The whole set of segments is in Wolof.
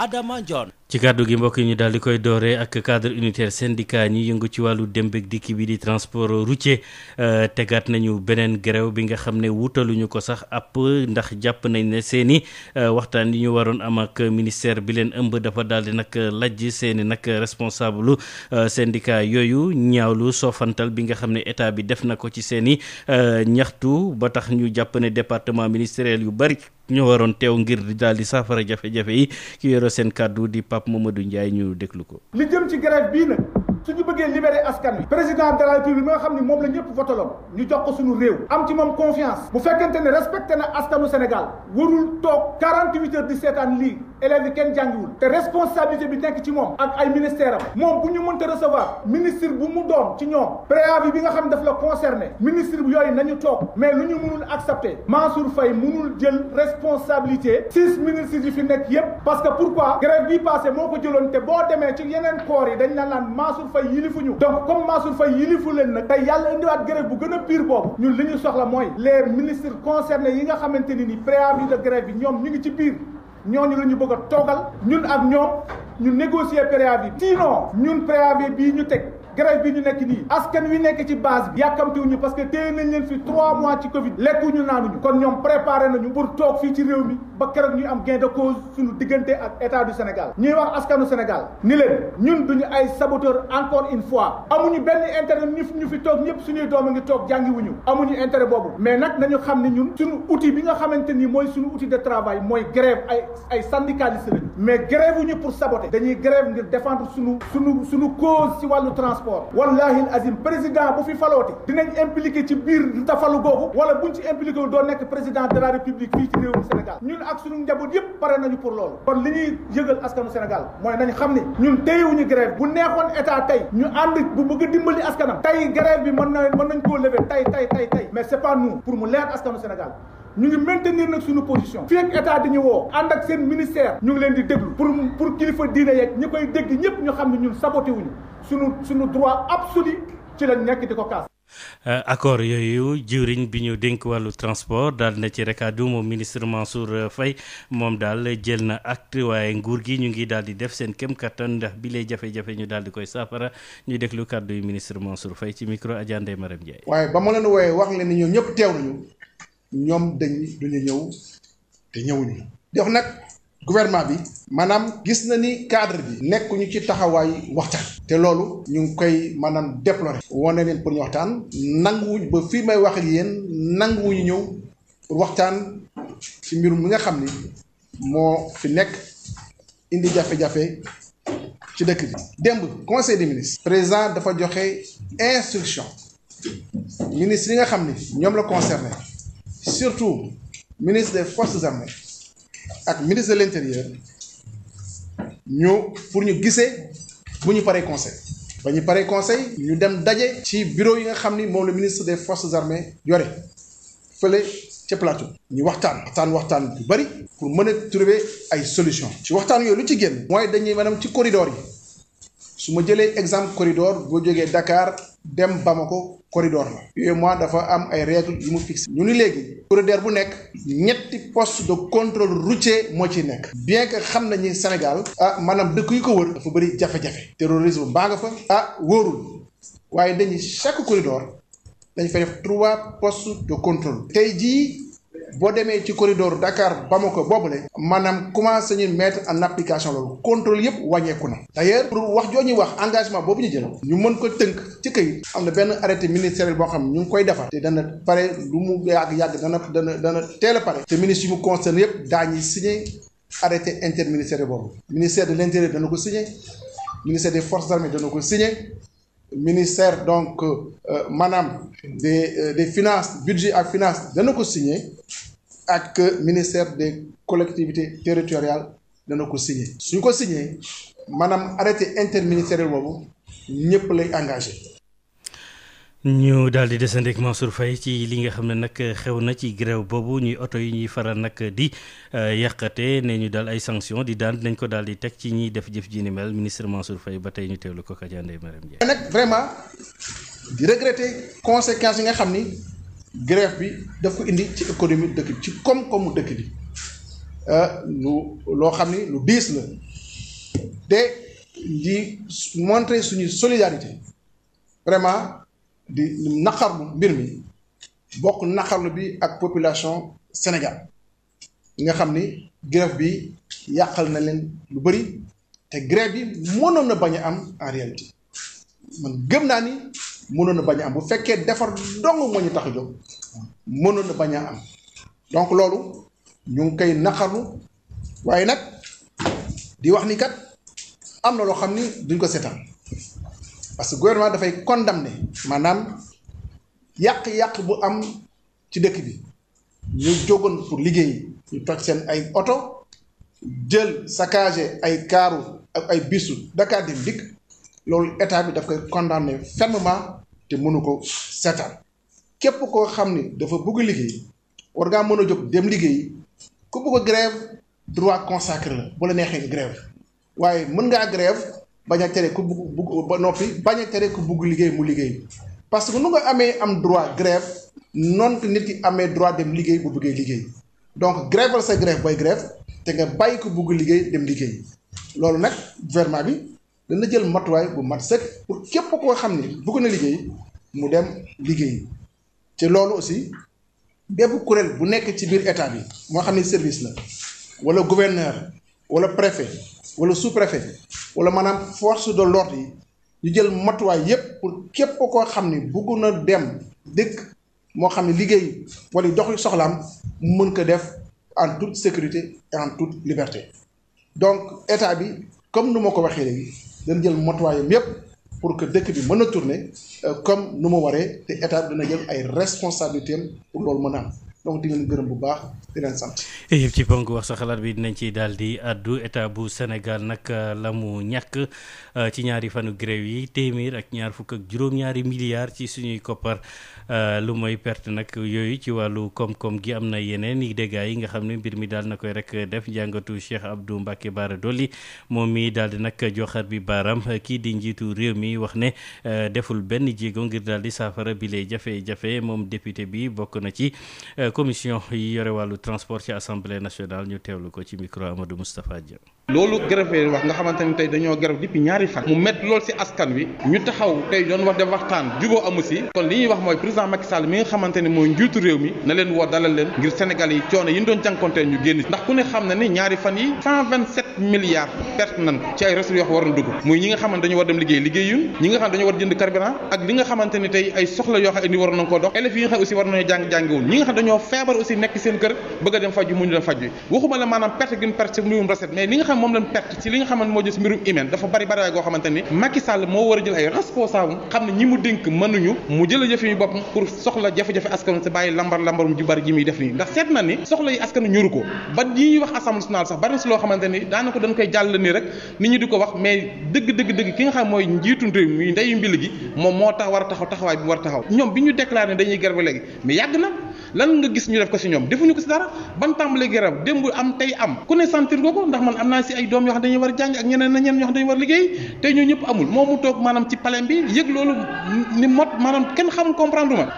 Adama Ndione ci kaddu gi mbokk yi ñu daal di koy dooree ak cadre unitaire syndicat ñi yëngu ci wàllu dem ak dikki bi di transport routier euh, tegaat nañu beneen grève bi nga xam ne ñu ko sax app ndax jàpp nañ ne seen i euh, waxtaan yi ñu waroon am ak ministère bi leen ëmb dafa daal di nag lajj seen i nag responsable euh, syndicat yooyu ñaawlu soofantal bi nga xam ne état bi def na ko ci seen i ñaxtu ba tax ñu jàpp ne département ministériel yu bari ñoo waroon teew ngir daal di saafara jafe-jafe yi ki yoro seen kàddu di Pape Mamadou Ndiaye ñu déglu ko. li jëm ci grève bii na su ñu bëggee libérer askan wi président de la république bi nga xam ne moom la ñëpp votaloon ñu jox ko suñu réew am ci moom confiance bu fekkente ne respecté na askanu Sénégal warul toog 48 heures di seetaan lii élèves yi kenn jàngiwul te responsabilité bi nekk ci moom ak ay ministère am moom bu ñu mënta recevoir ministre bu mu doon ci ñoom préavis bi nga xam daf la concerné ministre bi yooyu nañu toog mais lu ñu mënul accepter Mansour Faye mënul jël responsabilité six ministres yi fi nekk yépp parce que moo ko jëloon boo demee ci yeneen corps yi la naan Mansour Mansour Faye yilifuñu donc comme Mansour Faye yilifu leen na tey yàlla indiwaat grève bu gën a pire boobu ñun li ñu soxla mooy les ministres concernés yi nga xamante ni ni préavis de grève bi ñoom ñu ngi ci biir ñooñu la ñu bëgg a toogal ñun ak ñoom ñu négocier préavis bi sinon ñun préavis bii ñu teg grève bi ñu nekk nii askan wi nekk ci base bi yàkkamtiwuñu parce que téye nañ leen fi trois mois ci Covid lekkuñu naanuñu kon ñoom préparé nañu pour toog fii ci réew mi ba keroog ñuy am gain de cause suñu diggante ak état du Sénégal ñuy wax askanu Sénégal ni leen ñun ñu ay saboteur encore une fois amuñu benn intérêt ñu fi toog ñëpp suñuy doom a ngi toog jàngiwuñu amuñu intérêt boobu mais nag nañu xam ni ñun suñu outil bi nga xamante ni mooy suñu outil de travail mooy grève ay ay mais grève wuñu pour saboter dañuy grève ngir défendre suñu suñu suñu cause ci wàllu transport sport wallahi azim président bu fi falooti dinañ impliqué ci biir tafalu googu wala buñ ci impliqué wul doo nekk président de la république fii ci réewum Sénégal ñun ak suñu njaboot yëpp pare nañu pour loolu kon li ñuy yëgal askanu Sénégal mooy nañ xam ni ñun téyewuñu grève bu neexoon état tey ñu ànd bu bëgg dimbali askanam tey grève bi mën na mën nañ koo lever tey tey tey tey mais c'est pas nous pour mu leer askanu Sénégal ñu ngi maintenir nag suñu position fii ak état dañu woo ànd ak seen ministère ñu ngi leen di déglu pour pour kilifa diine yeeg ñi koy dégg ñëpp ñu xam ne ñun saboté suñu droit absolu ci lañ nekk di ko kaas euh, accord yooyu jëwriñ bi ñu dénk wàllu transport daal na ci rek àddu moom ministre Mansour Faye moom daal jël na acte waaye nguur gi ñu ngi daal di def seen kem kattan ndax bi lay jafe-jafe ñu daal di koy saafara ñu déglu kàddu yu ministre Mansour Faye ci micro Adja Ndeye ñoom dañ duñu ñëw te ñëwuñu di wax nag gouvernement bi maanaam gis na ni cadre bi nekkuñu ci taxawaay waxtaan te loolu ñu ngi koy maanaam déplorer wane leen pour ñu waxtaan nanguwuñ ba fi may wax ak yéen nanguwuñu ñëw pour waxtaan ci mbir mi nga xam ni moo fi nekk indi jafe-jafe ci dëkk bi démb conseil de ministres président dafa joxe instruction ministre yi nga xam ni ñoom la concerné surtout ministre des forces armées ak ministre de l'intérieur ñu pour ñu gisee bu ñu paree conseil ba ñu paree conseil ñu dem daje ci bureau yi nga xam ni moom la ministre des forces armées yore fële ca plateau ñu waxtaan waxtaan waxtaan bu bari pour mën a trouver ay solution ci waxtaan yooyu lu ci génn mooy dañuy maanaam ci corridor yi su ma jëlee exemple corridor boo jógee dakaar dem Bamako corridor la UEMOA dafa am ay règle yu mu fixé ñu ni léegi corridor bu nekk ñetti poste de contrôle routier moo ci nekk bien que xam nañu Sénégal ah maanaam dëkk yu ko wër dafa bëri jafe-jafe terrorisme baa nga fa ah wóorul waaye dañuy chaque corridor dañ fay def trois postes de contrôle tey jii boo demee ci corridor Dakar Bamako boobule maanaam commencé ñu mettre en application loolu contrôle yëpp wàññeeku na d'ailleurs pour wax joo ñuy wax engagement boobu ñu jël ñu mën ko tënk ci këyit am na benn arrêté ministériel boo xam ñu ngi koy defar te dana pare lu mu yàgg-yàgg dana dana dana teel a pare te ministre yu mu concerné yëpp daañu signé arrêté interministériel boobu ministère de l'intérieur dana ko signé ministère des forces armées dana ko signé ministère donc euh, maanaam des euh, des finances budget ak finance dana ko signé ak ministère des collectivités territoriales dana ko signé suñ ko signé maanaam arrêté interministériel boobu ñëpp lay engagé ñu daal di desandi ak Mansour Faye ci li nga xam ne nag xew na ci grève boobu ñuy oto yi ñuy faral nag di euh, yàqate ne ñu daal ay sanction di daan nañ ko daal di teg ci ñuy def jëf ji ni mel ministre Mansour Faye ba tey ñu teewlu ko Kaja Ndeye Mariam Ndiaye nag vraiment di regretter conséquences yi nga xam ni grève bi daf ko indi ci économie dëkk bi ci koom-koomu dëkk bi euh, loo xam ni lu diis la de di montrer suñu solidarité di naqarlu mbir mi bokk naqarlu bi ak population Sénégal nga xam ni grève bi yàqal na leen lu bari te grève bi mënoon na bañ a am en réalité man gëm naa ni mënoon na bañ a am bu fekkee defar dong moo ñu tax a jóg bañ a am donc loolu ñu ngi koy naqarlu waaye nag di wax ni kat am na loo xam ni duñ ko seetaan. parce que gouvernement dafay condamné maanaam yàq-yàq bu am ci dëkk bi ñu jógoon pour liggéey ñu toj seen ay oto jël saccagé ay kaaru ak ay bisu Dakar Dem Dikk loolu état bi daf koy condamné fermement te mënu ko seetaan képp koo xam ni dafa bëgg liggéey war ngaa mën a jóg dem liggéey ku bëgg a grève droit consacré la bu la neexee grève waaye mën ngaa grève bañ a tere ku bugg bugg ba noppi bañ teree tere ku bugg liggéey mu liggéey parce que nu nga amee am droit grève noonu nit ki amee droit dem liggéey bu buggee liggéey donc grèveal sa grève booy grève te nga bàyyi ku bugg liggéey dem liggéey loolu nag gouvernement bi dana jël matuwaay bu mat set pour képp koo xam ne bugg na liggéey mu dem liggéey te loolu aussi bépp kuréel bu nekk ci biir état bi moo xam ne service la wala gouverneur wala préfet wala sous-préfet wala maanaam force de l'ordre yi ñu jël matuwaay yépp pour képp koo xam ni bugg na dem dëkk moo xam ne liggéey wala doxi soxlaam mën ko def en toute sécurité et en toute liberté donc état bi comme nu ma ko waxee léegi dañ jël matuwaayam yépp pour que dëkk bi mën a tourner euh, comme nu ma waree te état bi dana jël ay responsabilités pour loolu mën donc di gërëm bu baax di leen sant. ci ponk wax sa xalaat bi dinañ ci daal di addu état bu senegal nag euh, la mu ñàkk euh, ci ñaari fanu grève yi téeméer ak ñaar fukk ak juróom-ñaari milliards ci suñuy koppar. Euh, lu mooy perte nag yooyu ci wàllu koom-koom gi am na yeneen i dégâts yi nga xam ne mbir mi daal na koy rek def njàngatu Cheikh Abdou Mbacke Bara Dolly moom mi daal di nag joxar bi baaraam kii di njiitu réew mi wax ne euh, deful benn jéego ngir daal di saafara bi lay jafe-jafe moom député bi bokk na ci euh, commission yi yore wàllu transport ci assemblée nationale ñu teewlu ko ci micro Amadou Moustapha Dia. loolu grève wax nga xamante tey dañoo grève depuis ñaari fan mu métti lool ci askan wi ñu taxaw tey doon wax def waxtaan juboo amu ci kon li nga xamante mooy njiitu réew mi na leen woo dalal leen ngir Sénégal yi coono yi ñu doon jànkontee ñu génn ndax ku ne xam na ni ñaari fan yi milliards perte nan ci ay ressources yoo xam waroon dugg muy ñi nga xamante dañu war dem liggéey liggéeyuñ ñi nga xam dañu war jënd carburant ak li nga xamante tey ay soxla a moom lañ perte ci li nga xamante moo jël si mbirum humaine dafa bari bari waay goo xamante ni moo a jël ay responsable xam ne ñi mu dénk mënuñu mu jël jëf yi boppam pour soxla jafe-jafe askan si bàyyi lambar lambarum ju bari ji muy def nii ndax seet na ni soxla yi askan ñuru ko ba yi ñuy wax assemblée nationale sax bari na si loo xamante ni daanaka dañ koy jàll ni rek nit ñi di ko wax mais dëgg dëgg dëgg ki nga xam mooy njiitu réew mi ndeyu mbil gi moom moo tax war a taxaw taxawaay bi mu war a taxaw ñoom bi ñu déclaré dañuy grève léegi mais yàgg na lan nga gis ñu def ko si ñoom ko si ban tàmbalee grève démb am tey am ku ne si ay doom yoo xam dañuy war jàng ak ñeneen na ñeneen ñoo xam dañuy war liggéey te ñoo ñëpp amul moom mu toog maanaam ci palais bi yëg loolu ni mot maanaam kenn xamul comprendre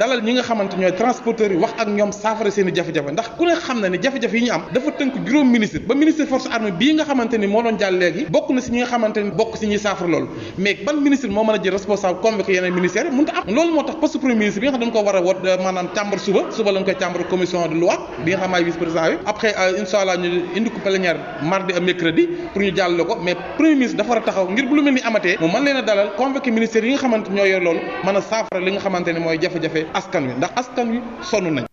dalal ñi nga xamante ñooy transporteurs yi wax ak ñoom saafara seen jafe-jafe ndax ku ne xam na ne jafe-jafe yi ñu am dafa tënk juróom ministre ba ministre force armée bii nga xamante ni moo doon jàll léegi bokk na si ñi nga xamante ni bokk si ñuy saafara loolu mais ban ministre temps yi après euh, incha allah ñu indi ko plénière mardi ak mercredi pour ñu jàllale ko mais premier ministre dafa war a taxaw ngir bu lu mel ni amatee mu mën leen a dalal convoqué ministère yi nga xamante ñoo yor mën a saafara li nga xamante ne mooy jafe-jafe askan wi ndax askan wi sonn nañ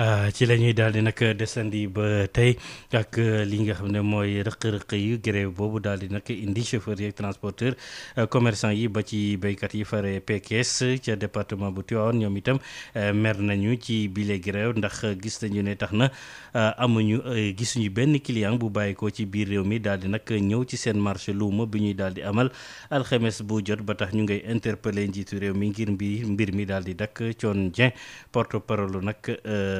Euh, ci la ñuy daal di nag desandi ba tey ak euh, li nga xam ne mooy rëq-rëq yi grève boobu daal di nag indi chauffeur yi ak transporteur euh, commerçant yi ba ci béykat yi fare PKS ca département bu Tivaouane ñoom itam mer nañu ci bile grève ndax gis nañu ne tax na amuñu gisuñu benn client bu bàyyi ko ci biir réew mi daal di nag ñëw ci seen marché luuma bi ñuy daal di amal alxemes bu jot ba tax ñu ngay interpellé njiitu réew mi ngir mbir mbir mi daal di dakk coon Dieng porte parole nag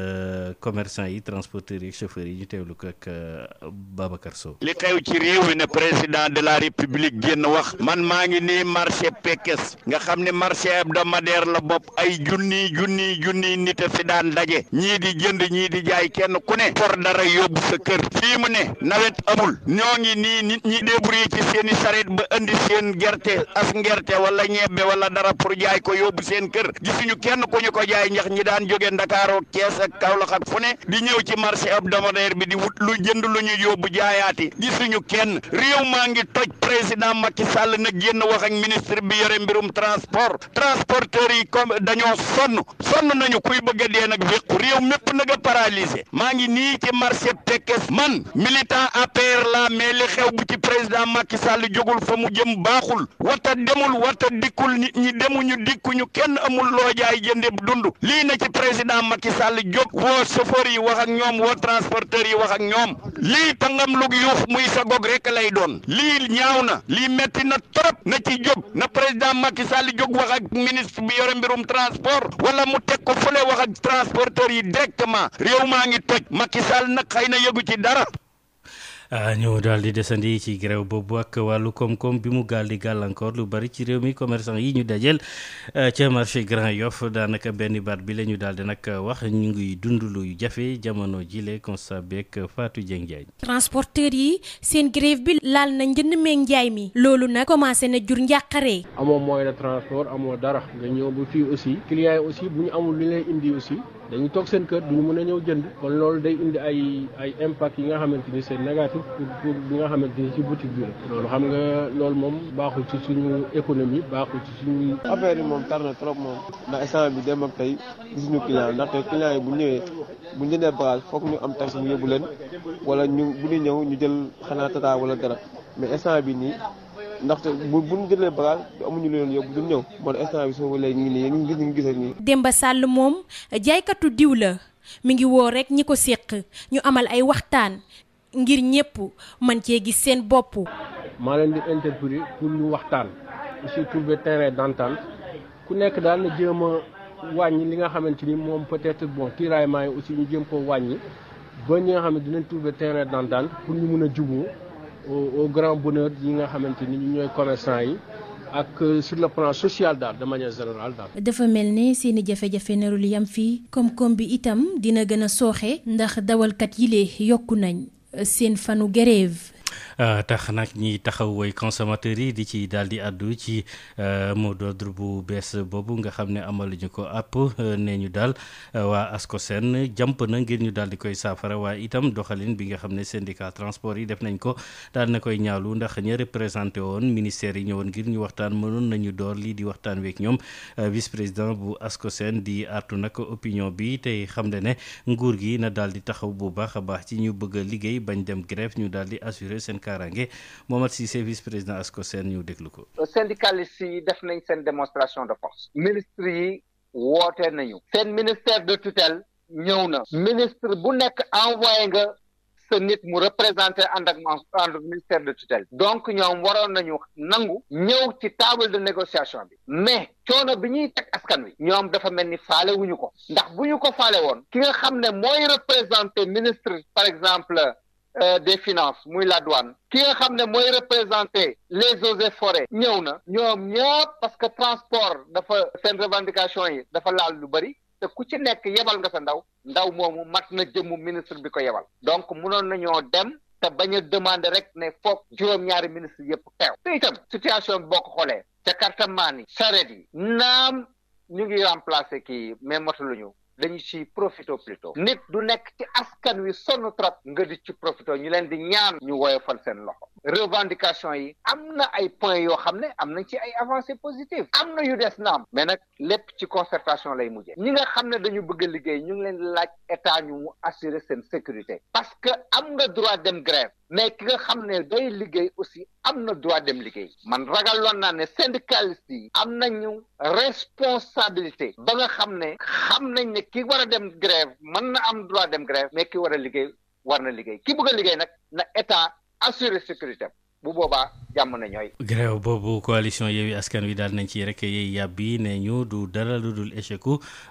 Eh, commerçant yi transporteurs yi chauffeurs yi ñu teewlu ko ak eh, Babacar Sow. li xew ci réew mi ne président de la république génn wax man maa ngi nii marché Pekes nga xam ne marché hebdomadaire la bopp ay junniy junniy junniy nit a fi daan daje ñii di jënd ñii di jaay kenn ku ne for dara yóbbu sa kër fii mu ne nawet amul ñoo ngi nii nit ñi débrouillé ci seeni sareet ba indi seen gerte as ngerte wala ñebbe wala dara pour jaay ko yóbbu seen kër gisuñu kenn ku ñu ko jaay ak Kaolack ak fu ne di ñëw ci marché hebdomadaire bi di wut lu jënd lu ñu yóbbu jaayaati gisuñu kenn réew maa ngi toj président Macky Sall na génn wax ak ministre bi yore mbirum transport transporteur yi kom dañoo sonn sonn nañu kuy bëgg a dee nag wéqu réew mépp nag a maa ngi nii ci marché tekkes man militant APR la mais li xew bu ci président Macky Sall jógul fa mu jëm baaxul wata demul wata dikul nit ñi demuñu dikkuñu kenn amul loo jaay jënde dund na ci président Macky jóg woo chauffeur yi wax ak ñoom woo transporteur yi wax ak ñoom lii tangam lug yuuf muy sa gog rek lay doon lii ñaaw na lii metti na trop na ci jóg na président Macky Sall jóg wax ak ministre bi yore mbirum transport wala mu teg ko le wax ak transporteur yi directement réew maa ngi toj Macky Sall nag xëy na yegu ci dara ñu daal di desandi ci grève boobu ak wàllu koom-koom bi mu gaal di gàllankoor lu bari ci réew mi commerçant yi ñu dajeel ca marché Grand Yoff daanaka benn baat bi la ñu daal di nag wax ñu ngi dund lu jafe jamono jile constat beeg Fatou Dieng Ndiaye. transporteurs yi seen grève bi laal na njënd meeg njaay mi loolu nag commencé na jur njàqare. amoo moyen de transport amoo dara nga ñëw ba fii aussi clients aussi bu ñu amul li lay indi aussi. dañu toog seen kër a pour pour bi nga xamante ni ci boutique bi la xam nga lool moom baaxul ci suñu économie baaxul ci suñu. affaire yi moom tar na trop moom ndax instant bi dem ak tey gisuñu client ndaxte client yi bu ñëwee bu ñu jëndee bagage ñu am taxi mu yóbbu leen wala ñu bu ñu ñëw ñu jël xanaa tata wala dara mais instant bi nii ndaxte bu bu ñu jëlee bagage amuñu lu leen yóbbu du ñëw moo tax instant bi soo léegi ñu ngi nii ñu ngi gis nii. Demba Sall moom jaaykatu diw la mi ngi woo rek ñi ko séq ñu amal ay waxtaan. ngir ñëpp man cee gis seen bopp. maa leen di interpellé pour ñu waxtaan aussi trouver terrain d'entente ku nekk daal na jéem a wàññi li nga xamante ni moom peut-être bon tiraillement yi aussi ñu jëm koo wàññi ba ñi nga xam dinañ trouver terrain d'entente pour ñu mun a juboo au grand nga xamante ni ñooy commerçant yi. ak euh, sur le plan social daal de manière générale daal. dafa mel ne seeni jafe-jafe narul yam fii koom-koom bi itam dina gën a sooxe ndax dawalkat yi lee yokk nañ. seen fanu grève Euh, tax nag ñiy taxaw way consommateurs yi di ci daal di àddu ci euh, mot d'ordre bu bees boobu nga xam ne amaluñu ko àpp euh, nee ñu daal waa ASCOSEN jàmp na ngir ñu daal di koy saafara waaye itam doxalin bi nga xam ne syndicat transport yi def nañ ko daal na koy ñaalu ndax ña représenté woon ministère yi ñëwoon ngir ñu waxtaan mënoon nañu door lii di waxtaan week ñoom vice président bu ASCOSEN di artu nag opinion bi tey xam ne ne nguur gi na daal di taxaw bu baax a baax ci ñu bëgg a liggéey bañ dem grève ñu daal di assurer seen kaaraange Momar Cissé vice président ASCOSEN ñu déglu ko. syndicalistes yi def nañ seen démonstration de force. ministre yi woote nañu. seen ministère de tutelle ñëw na. ministre bu nekk envoyé nga. sa nit mu représenté ànd ak ànd ministère de tutelle donc ñoom waroon nañu nangu ñëw ci table de négociation bi mais coono bi ñuy teg askan wi ñoom dafa mel ni faale wuñu ko ndax bu ñu ko faale woon ki nga xam ne mooy représenté ministre par exemple Euh, des finances muy la douane ki nga xam ne mooy représenter les eaux et forêts ñëw na ñoom ñëpp parce que transport dafa seen revendication yi dafa laal lu bëri te ku ci nekk yebal nga sa ndaw ndaw moomu mat na jëmm ministre bi ko yebal donc munoon nañoo dem te bañ demander rek ne foog juróom-ñaari ministre yëpp teew te itam situation boo ko xoolee jakartamaan yi charrette yi naam ñu ngi remplacer kii lu mataluñu dañu ciy profité plutôt nit du nekk ci askan wi sonn trop nga di ci profito ñu leen di ñaan ñu woyofal seen loxo revendication yi am na ay points yoo xam ne am na ci ay avancées positives am na yu des na am mais nag lépp ci concertation lay mujjee ñi nga xam ne dañu bëgg a liggéey ñu ngi leen laaj état ñu mu assurer seen sécurité parce que am nga droit dem grève mais ki nga xam ne day liggéey aussi am na droit dem liggéey man ragaloon naa ne syndicaliste yi am nañu responsabilité ba nga xam ne xam nañ ne ki war a dem grève mën na am droit dem grève mais ki war a liggéey war na liggéey ki bëgg a liggéey nag na état assurer sécurité bu boobaa jàmm na ñooy. grève boobu coalition Yewwi Askan Wi daal nañ ci rek yey yàbb yi ne ñu du dara lu dul échec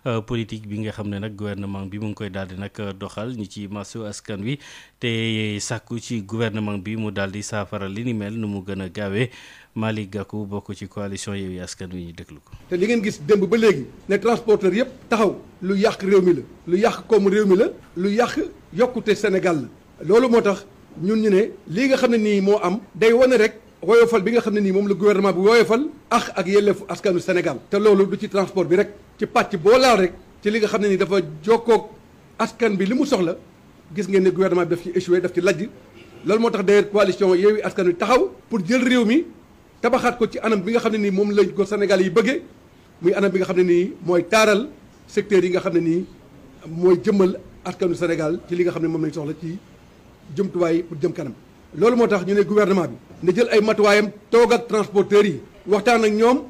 euh, politique bi nga xam ne nag gouvernement bi mu ngi koy daal di doxal ñu ci masu askan wi te sàkku ci gouvernement bi mu daal di saafara li ni mel nu mu gën a gaawee Malick Gakou bokk ci coalition Yewwi Askan Wi ñu déglu ko. te li ngeen gis démb ba léegi ne transporteur yëpp taxaw lu yàq réew mi la lu yàq koomu réew mi la lu yàq yokkute Sénégal la loolu tax. ñun ñu ne lii nga xam ne nii moo am day wane rek woyofal bi nga xam ne nii moom la gouvernement bi woyofal ak ak yelleefu askanu Sénégal te loolu du ci transport bi rek ci pàcc boo laal rek ci li nga xam ne nii dafa jokkoog askan bi li mu soxla gis ngeen ne gouvernement bi daf ci échoué daf ci lajj loolu moo tax d'ailleurs coalition Yewwi Askan Wi taxaw pour jël réew mi tabaxaat ko ci anam bi nga xam ne nii moom lañ ko Sénégal yi bëggee muy anam bi nga xam ne nii mooy taaral secteur yi nga xam ne nii mooy jëmmal askanu Sénégal ci li nga xam ne moom lañ soxla ci jumtuwaay pour jëm kanam loolu moo tax ñu ne gouvernement bi na jël ay matuwaayam toog ak transporteurs yi waxtaan ak ñoom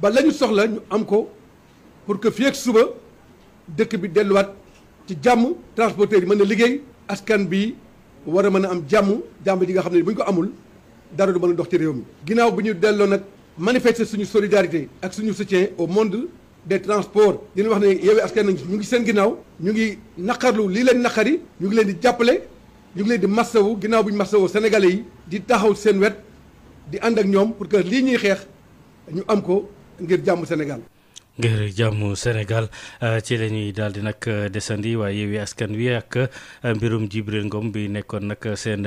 ba la ñu soxla ñu am ko pour que fi ak suba dëkk bi delluwaat ci jàmm transporteurs yi mën na liggéey askan bi war a mën a am jàmm jàmm ji nga xam ne buñ ko amul dara du mën a dox ci réew mi. ginnaaw bi ñu delloo nag manifester suñu solidarité ak suñu soutien au monde des transports dina wax ne Yewwi Askan Wi ñu ngi seen ginnaaw ñu ngi naqarlu lii leen naqari ñu ngi leen di jàppale. ñu ngi leen di massawu ginnaaw bu ñu massawu sénégalais yi di taxaw seen wet di ànd ak ñoom pour que lii ñuy xeex ñu am ko ngir jàmm Sénégal ngir jàmm Sénégal euh, ci la ñuy daal di nag euh, desandi waaye Yewwi Askan Wi ak euh, mbirum Djibril Ngom bi nekkoon nag seen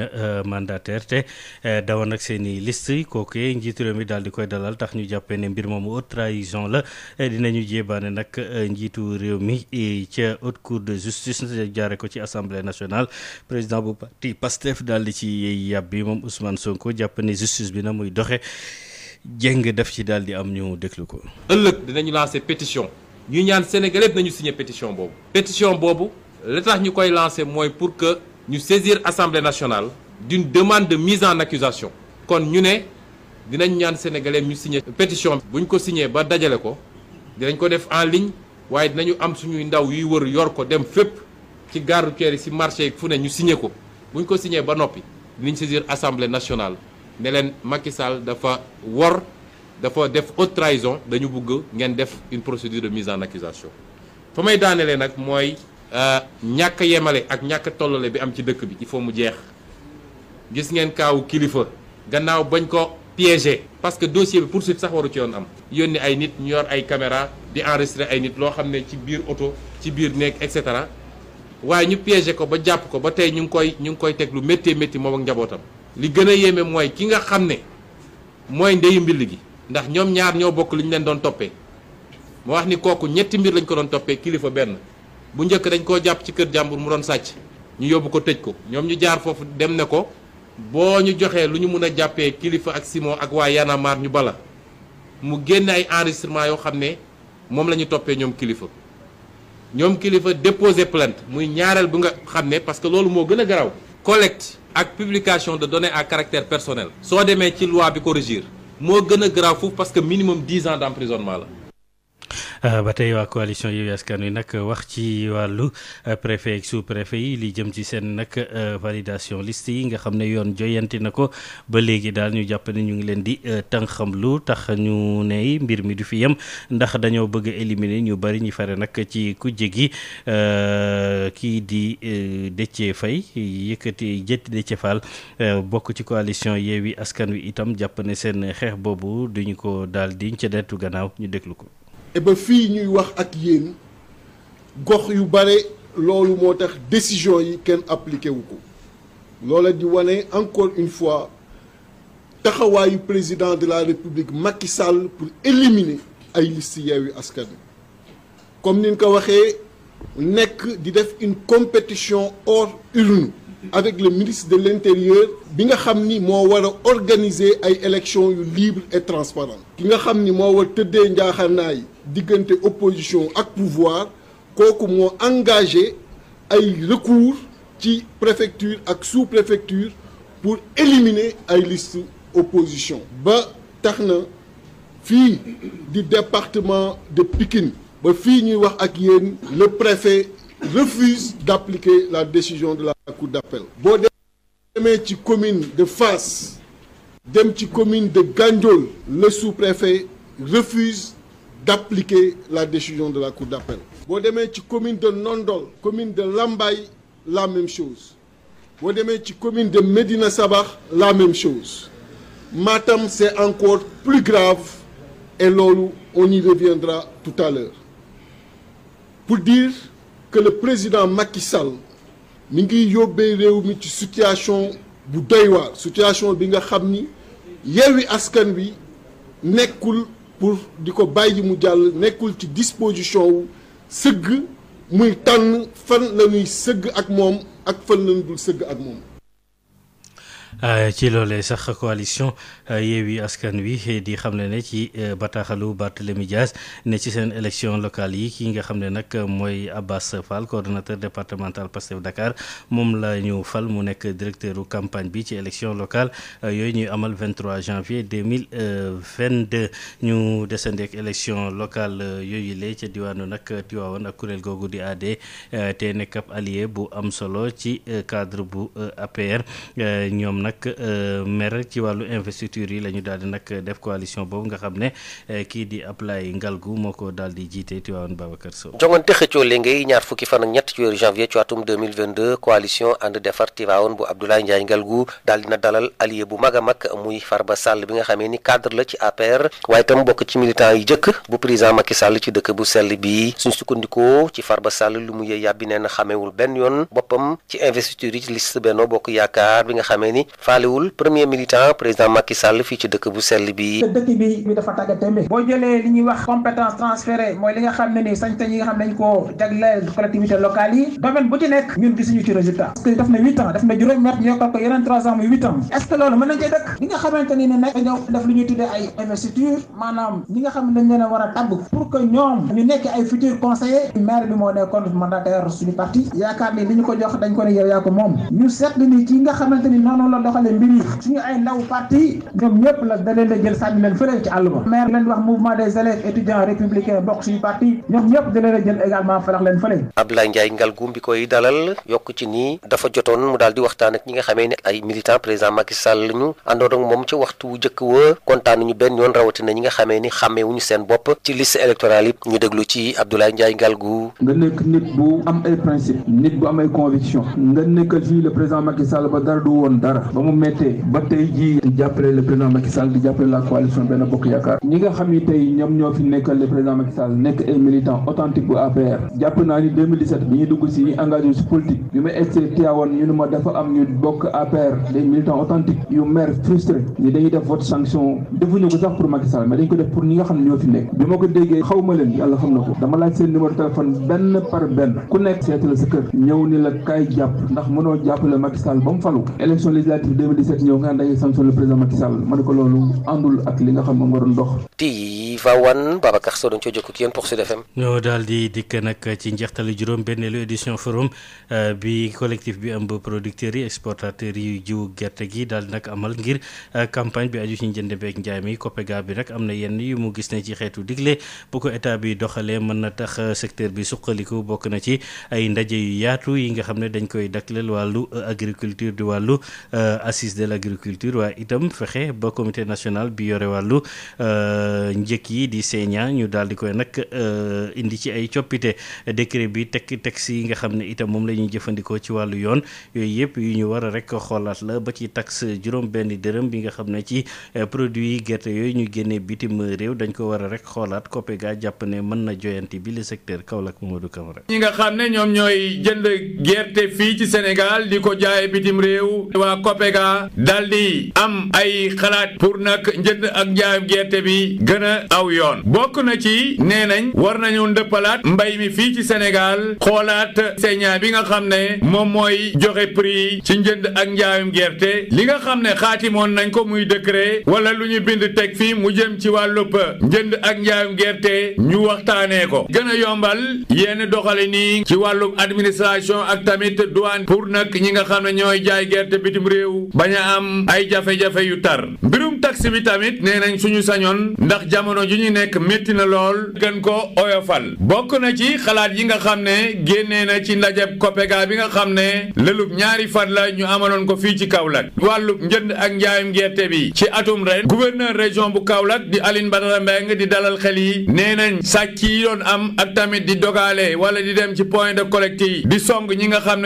mandataire te dawoon nag seen i liste yi kooku njiitu réew mi daal di koy dalal tax ñu jàppee ne mbir moomu haute trahison la dina ñu jébaane nag njiitu réew mi ca haute cour de justice jaare ko ci assemblée nationale président bu parti Pastef daal di ci yàbbi moom Ousmane Sonko jàpp justice bi na muy doxe Dieng def ci daal di am ñu déglu ko. ëllëg dinañu lancer pétition ñu ñaan Sénégalais nañu signer pétition boobu. pétition boobu li tax ñu koy lancer mooy pour que ñu saisir assemblée nationale d'une demande mise en accusation kon ñu ne dinañ ñaan sénégalais ñu signer pétition bu ñu ko signer ba dajale ko dinañ ko def en ligne waaye dinañu am suñuy ndaw yuy wër yor ko dem fépp ci gare routière yi ci marché fu ne ñu signer ko bu ñu ko signer ba noppi dinañ saisir assemblée nationale. ne leen Macky Sall dafa wor dafa def haute trahison dañu bugg ngeen def une procédure de mise en accusation fa may daanelee nag mooy euh, ñàkk yemale ak ñàkk tollale bi am ci dëkk bi il faut mu jeex gis ngeen kaawu kilifa gannaaw bañ ko piégé parce que dossier bi poursuite sax waru ci yoon am yónni ay nit ñu yor ay caméra di enregistré ay nit loo xam ne ci biir oto ci biir néeg et cetera waaye ñu piégé ko ba jàpp ko ba tey ñu ngi koy ñu ngi koy teg lu métti métti njabootam li gën a yéeme mooy ki nga xam ne mooy ndeyu mbill gi ndax ñoom ñaar ñoo bokk li ñu leen doon toppee moo wax ni kooku ñetti mbir lañ ko doon toppee kilifa benn bu njëkk dañ koo jàpp ci kër jàmbur mu doon sàcc ñu yóbbu ko tëj ko ñoom ñu jaar foofu dem ne ko boo ñu joxee lu ñu mun a jàppee kilifa ak Simon ak waa yanamaar ñu bala mu génne ay enregistrement yoo xam ne moom lañu toppee ñoom kilifa ñoom kilifa déposé plainte muy ñaareel bu nga xam ne parce que loolu moo gën a garaw collecte ak publication de données à caractère personnel soo demee ci loi bi ko régir moo gën a grave foofu parce que minimum dix ans d'emprisonnement la ba tey waa coalition Yewwi Askan Wi nag wax ci wàllu euh, préfet ak yi li jëm ci seen nag euh, validation list yi nga xam ne yoon joyanti na ko ba léegi daal ñu jàpp ne ñu ngi leen di euh, tànqam lu tax ñu ne mbir mi du fi yem ndax dañoo bëgg a éliminer ñu bari ñi fare nag ci kujje gi kii di Déthié Faye yëkkati jëtti Déthié Fall bokk ci coalition Yewwi Askan Wi itam jàpp ne seen xeex boobu duñu ko daal di ca dettu gannaaw ñu déglu ko et ba fii ñuy wax ak yéen gox yu bare loolu moo tax décision yi kenn appliqué wu ko loola di wane encore une fois taxawaayu président de la république Macky Sall pour éliminer ay liste Yewwi Askan Wi comme ni ko waxee nekk di def une compétition hors urne avec le ministre de l'intérieur bi nga xam ni moo war a organiser ay élections yu libres et transparentes ki nga xam ni moo war tëddee njaaxanaay diggante opposition ak pouvoir kooku moo engage ay recours ci préfecture ak sous-préfecture pour éliminer ay liste opposition ba tax na fii di département de Pikine ba fii ñuy wax ak yéen le préfet refuse d'appliquer la décision de la cour d'appel boo demee ci commune de Fass dem ci commune de Gandiol le sous-préfet refuse d'appliquer la décision de la cour d'appel boo demee ci commune de Nondol commune de Lambaye la même chose boo demee ci commune de Médina Sabakh la même chose Matam c'est encore plus grave et loolu on y reviendra tout à l'heure pour dire que le président Macky Sall mi ngi yóbbee réew mi ci situation bu doy waar situation bi nga xam ni Yewwi Askan Wi nekkul pour di ko bàyyi mu jàll nekkul ci disposition wu sëgg muy tànn fan la sëgg ak moom ak fan la ñu dul sëgg ak moom. Euh, ci loolee sax coalition euh, Yewwi Askan Wi eh, di xam ne ne ci euh, bataaxalu Barthélémy Dias ne ci seen élection locale yi ki nga xam ne nag mooy Abbas Fall coordonnateur départemental Pastef Dakar moom la ñu fal mu nekk directeuru campagne bi ci élection locale yooyu ñuy amal 23 janvier 2022 ñu desandeek élection locale yooyu lee ca diwaanu nag Tiwaawan ak kuréel googu di AD te nekk allier bu am solo ci cadre bu APR ñoom na nag euh, mer ci wàllu investiture yi la ñu daal di nag def coalition boobu nga xam ne euh, kii di Ablaye Ngalgu moo ko daal di jiite Tivaouane Babacar Sow. jongante xëccoo léegi ñaar fukki fan ak ñett ci weeru janvier ci atum 2022 coalition ànd defar Tivaouane bu Abdoulaye Ndiaye Ngalgu daal dina dalal allié bu mag a mag muy Farba Sall bi nga xamee ni cadre la ci APR waaye itam bokk ci militant yi jëkk bu président Macky Sall ci dëkk bu sell bi suñ sukkandikoo ci Farba Sall lu mu yee yàbbi neen xamewul benn yoon boppam ci investiture yi ci liste faalewul premier militant président Macky Sall fii ci dëkk bu sell bi. dëkk bi bi dafa tàggatémbe. boo jëlee li ñuy wax compétence transférée mooy li nga xam ne ni sañ-sañ yi nga xam ne dañ koo jagleel collectivité locale yi domaine bu ci nekk ñun gisuñu ci résultat. parce que daf na huit ans daf na juróom ñett ñu yokkal ko yeneen trois ans muy ne nag dañoo ne dañ a war a tàbb pour que ñoom ñu nekk ay futurs conseillers maire bi moo nekkoon mandataire suñu parti yaakaar ni li doxale mbir yi suñu ay ndaw parti ñoom ñëpp la da la jël sànni leen fële ci da la jël également dalal yokk ci nii dafa jotoon mu daal di waxtaan ak ñi nga xamee ne ay militant président Macky Sall lañu àndoon ak moom ci waxtu wu jëkk wa kontaan ñu benn yoon rawatina ñi nga xamee ni xàmmeewuñu seen bopp ci liste électorale yi ñu déglu ci Abdoulaye Ndiaye Ngalgou nga nekk nit bu am ay principe nit bu am ay conviction nga nekkal fii le président Macky ba dara du woon dara ba mu méttee ba tey jii di jàppale le président di jàppale la coalition benn bokk yaakaar ñi nga xam ni tey ñoom ñoo fi nekkal le président nekk ay militant authentique bu APR jàpp naa ni 2017 bi ñu dugg si ñu engagé si politique bi ma egg Tivaouane ñu ne ma dafa am ñu bokk APR des militants authentiques yu mer frustré ni dañuy def vote sanction defuñu ko sax pour Macky Sall mais ko def pour ñi nga xam ne ñoo fi nekk bi ma ko déggee xaw ma leen yàlla xam na ko dama laaj seen numéro mu falu bi 2017 ñëw nga dañuy sanction le ko loolu àndul xam moom waroon dox. tii Vawan Babacar Sow dañu coo jokk ak yéen pour Sud FM. ñoo daal di dikk nag ci njeextalu juróom benneelu édition forum euh, bi collectif bi ëmb producteur yi exportateurs yi jiwu gerte gi daal di nag amal ngir euh, campagne bi aju ci njënd beeg njaay mi COPEGA bi nag am na yenn yu mu gis ne ci xeetu digle bu ko état bi doxalee mën na tax euh, secteur bi suqaliku bokk na ci ay ndaje yu yaatu yi nga xam ne dañ koy dakleel wàllu agriculture di wàllu. Euh, assise de l' agriculture waaye itam fexe ba comité national bi yore wàllu euh, njëkk yi di seeña ñu daal di koy nag euh, indi ci ay coppite décret bi teg texte yi nga xam ne itam moom la ñuy jëfandikoo ci wàllu yoon yooyu yëpp yu ñu war a rek xoolaat la ba ci taxe juróom benn dërëm bi nga xam ne ci produit yi gerte yooyu ñu génnee bitim réew dañ ko war a rek xoolaat COPEGA jàpp ne mën na joyanti bi le secteur Kaolack Mamadou Camara ñi nga xam ne ñoom ñooy jënd ko Sopega daal di am ay xalaat pour nag njënd ak njaayum gerte bi gën a aw yoon bokk na ci nee nañ war nañu ndëppalaat mbay mi fii ci Sénégal xoolaat seña bi nga xam ne moom mooy joxe prix ci njënd ak njaayum gerte li nga xam ne xaatimoon nañ ko muy décret wala lu ñu bind teg fi mu jëm ci wàllub njënd ak njaayum gerte ñu waxtaanee ko gën a yombal yenn doxali nii ci wàllum administration ak tamit douane pour nag ñi nga xam ne ñooy jaay gerte bitim réew réew bañ a am ay jafe-jafe yu tar mbirum taxe bi tamit nee nañ suñu sañoon ndax jamono ju ñu nekk métti na lool gën ko oyofal bokk na ci xalaat yi nga xam ne génnee na ci ndajeb COPEGA bi nga xam ne lëlub ñaari fan la ñu amaloon ko fii ci Kaolack wàllub njënd ak njaayum gerte bi ci atum ren gouverneur région bu Kaolack di Aline Badara Mbengue di dalal xel yi nee nañ sàcc yi doon am ak tamit di dogale wala di dem ci point de collecte yi di song ñi nga xam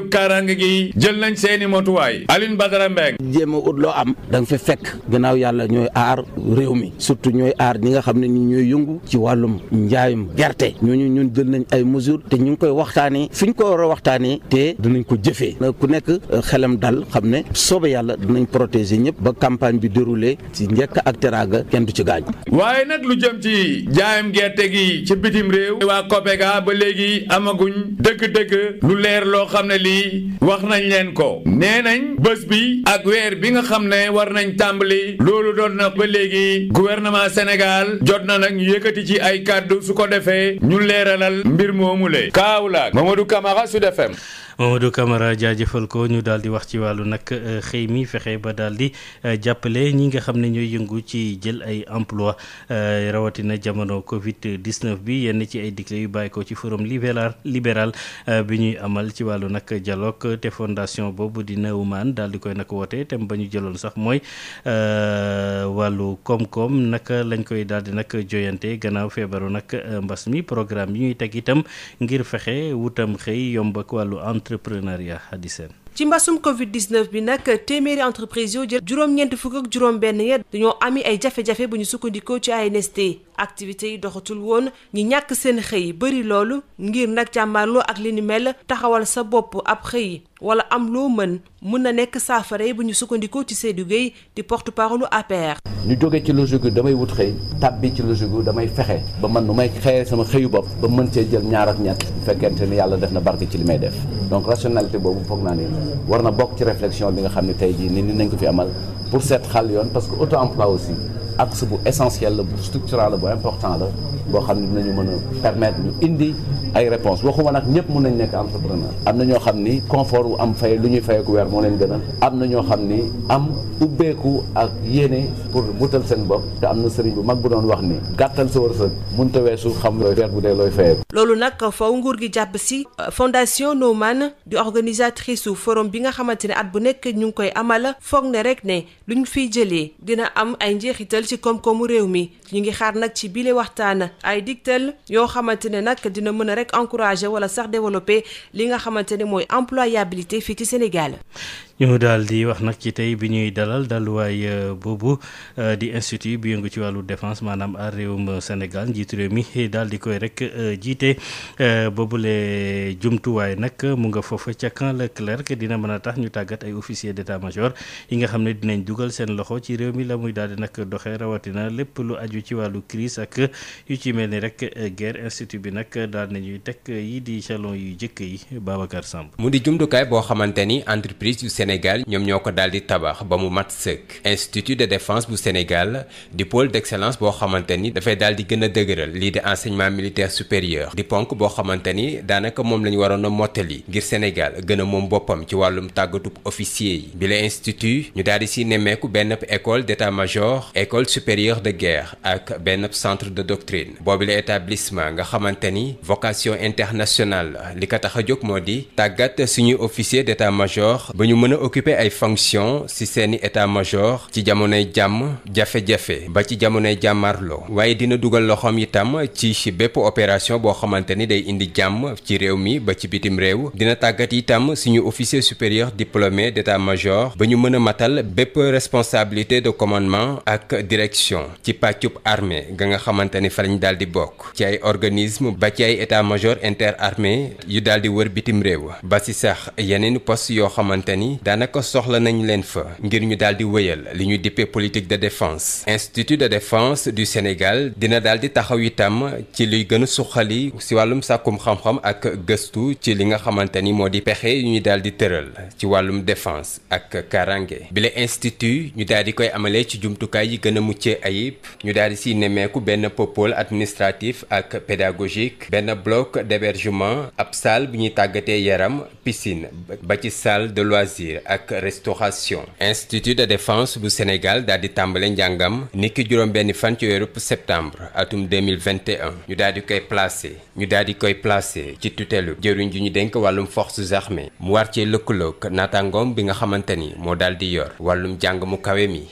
wàllu kaaraange gi jël nañ seeni motuwaay Alioune Badara Mbeng ut loo am da fi fekk gannaaw yàlla ñooy aar réew mi surtout ñooy aar ñi nga xam ne ñi ñooy yëngu ci wàllum njaayum gerte ñu ñun jël nañ ay mesures te ñu ngi koy waxtaanee fi ñu ko war a waxtaanee te dinañ ko jëfee ku nekk euh, xelam dal xam ne soobe yàlla dinañ protéger ñëpp ba campagne bi déroulé ci njëkk ak teraanga kenn du ci gaañ waaye nag lu jëm ci njaayum gerte gi ci bitim réew waa COPEGA yi wax nañ leen ko nee nañ bés bi ak weer bi nga xam ne war nañ tàmbali loolu doon na ba léegi gouvernement Sénégal jot na nag ñu yëkkati ci ay kàddu su ko defee ñu leeralal mbir moomu le Kaolack Mamadou Camara Sud FM Mamadou Camara jaajëfal ko ñu daal di wax ci wàllu nag euh, xëy mi fexe ba daal di euh, jàppale ñi nga xam ne ñooy yëngu ci jël ay emploi euh, rawatina jamono Covid 19 bi yenn ci ay digle yu bàyyi ko ci forum libéral libéral bi ñuy amal ci wàllu nag dialogue te fondation boobu di Neumann daal di koy nag woote thème ba ñu jëloon sax mooy wàllu koom-koom naka lañ koy daal di nag joyante gannaaw feebaru nag mbas mi programme yi ñuy teg itam ngir fexe wutam xëy yomb wàllu entre entrepreneuriat Hady Sène ci mbasum Covid 19 bi nag téeméeri entreprise yoo jël juróom-ñeent fukk ak juróom-benn ya dañoo ami ay jafe-jafe bu ñu sukkandikoo ci ay ANST activités yi doxatul woon ñi ñàkk seen xëy bëri loolu ngir nag jàmbaarloo ak li ni mel taxawal sa bopp ab xëy wala am loo mën mun na nekk saafara bu ñu sukkandikoo ci Seydou Gueye di porte parole APR. ñu jógee ci logique gu damay wut xëy tàbbi ci logique gu damay fexe ba mën nu may xëyee sama xëyu bopp ba mën cee jël ñaar ak ñett bu fekkente yàlla def na barke ci li may def war na bokk ci réflexion bi nga xam ne tey jii nit ñi nañ ko fi amal pour seet xal yoon parce que auto emploi aussi axe bu essentiel la bu structural la bu important la boo xam ne dinañu mën a permettre ñu indi ay réponse waxuma nag ñëpp mun nañ nekk entrepreneur am na ñoo xam ni confort wu am lu ñuy fayeku weer moo leen am na ñoo xam ni am ubbeeku ak yéene pour wutal seen bopp te am na sëriñ bu mag bu doon wax ni gàttal sa wërsëg mun ta weesu xam weer bu dee looy fayeku loolu nag faw nguur gi jàpp si euh, fondation Noman di organisatrice su forum bi nga xamante ne at bu nekk ñu ngi koy amal foog ne rek ne lu ñu fiy jëlee dina am ay njeexital ci koom-koomu réew mi ñu ngi xaar nag ci bile waxtaan ay digtal yoo xamante ne nag dina mën a rek encourager wala sax développer li nga xamante ne mooy employabilité fii ci Sénégal ñu daal di wax nag ci tey bi ñuy dalal daluwaay euh, boobu euh, di institut bi yëngu ci wàllu défense maanaam aar réewum Sénégal njiitu réew mi daal di koy rek euh, jiite boobule jumtuwaay nag mu nga foofu ca Camp Leclerc dina mën a tax ñu tàggat ay officier d'état-major yi nga xam ne dinañ dugal seen loxo ci réew mi la muy daal di nag doxee rawatina lépp lu aju ci wàllu crise ak yu ci mel ni rek guerre institut bi nag daal nañuy teg yi di jalon yu jëkk yi Babacar Samb mu di jumtukaay xamante ni entreprise yu Sénégal ñoom ñoo ko daal di tabax ba mu mat sëkk institut de défense bu Sénégal di pôle d'excellence boo xamante ni dafay daal di gën a dëgëral lii di enseignement militaire supérieur di ponk boo xamante ni daanaka moom la ñu waroon a mottali ngir Sénégal gën moom boppam ci wàllum tàggatu officier yi bi la institut ñu daal di si nemmeeku benn école d'état-major école supérieure de guerre ak benn centre de doctrine boobu la établissement nga xamante ni vocation internationale li moo di tàggat occupé ay fonction ci seeni état-major ci jamonoy jàmm jafe-jafe ba ci jamonoy jàmmarloo waaye dina dugal loxoom itam ci ci bépp opération boo xamante ni day indi jàmm ci réew mi ba ci bitim réew dina tàggat itam suñu officier supérieur diplômé d'état-major ba ñu mën a matal bépp responsabilité de commandement ak direction ci pàccub armée ga nga xamante ni fa lañ daal di bokk ci ay organisme ba ci ay état-major interarmée yu daal di wër bitim réew ba yoo xamante daanaka soxla nañu leen fa ngir ñu daal di wéyal li ñuy dippee politique de défense institut de défense du Sénégal dina daal di taxaw itam ci liy gën a suqali si wàllum sàkkum xam-xam ak gëstu ci li nga xamante ni moo di pexe yu ñuy daal di tëral ci wàllum défense ak karange bile institut ñu daal di koy amalee ci jumtukaay yi gën a muccee ayib ñu daal di siy nemmeeku benn pôle administratif ak pédagogique benn bloc d'hébergement ab salle bu ñuy tàggatee yaram piscine ba ci salle de loisir ak restauration institut de défense bu Sénégal daal di tàmbale njàngam niki juróom benn fan ci weeru septembre atum 2021 ñu daal di koy placé ñu daal di koy placé ci tutelu jëriñ ju ñu denk wàllum forces armées mu war cee lëkkaloog naataangoom bi nga xamante ni moo daal di yor wàllum jàng mu kawe mi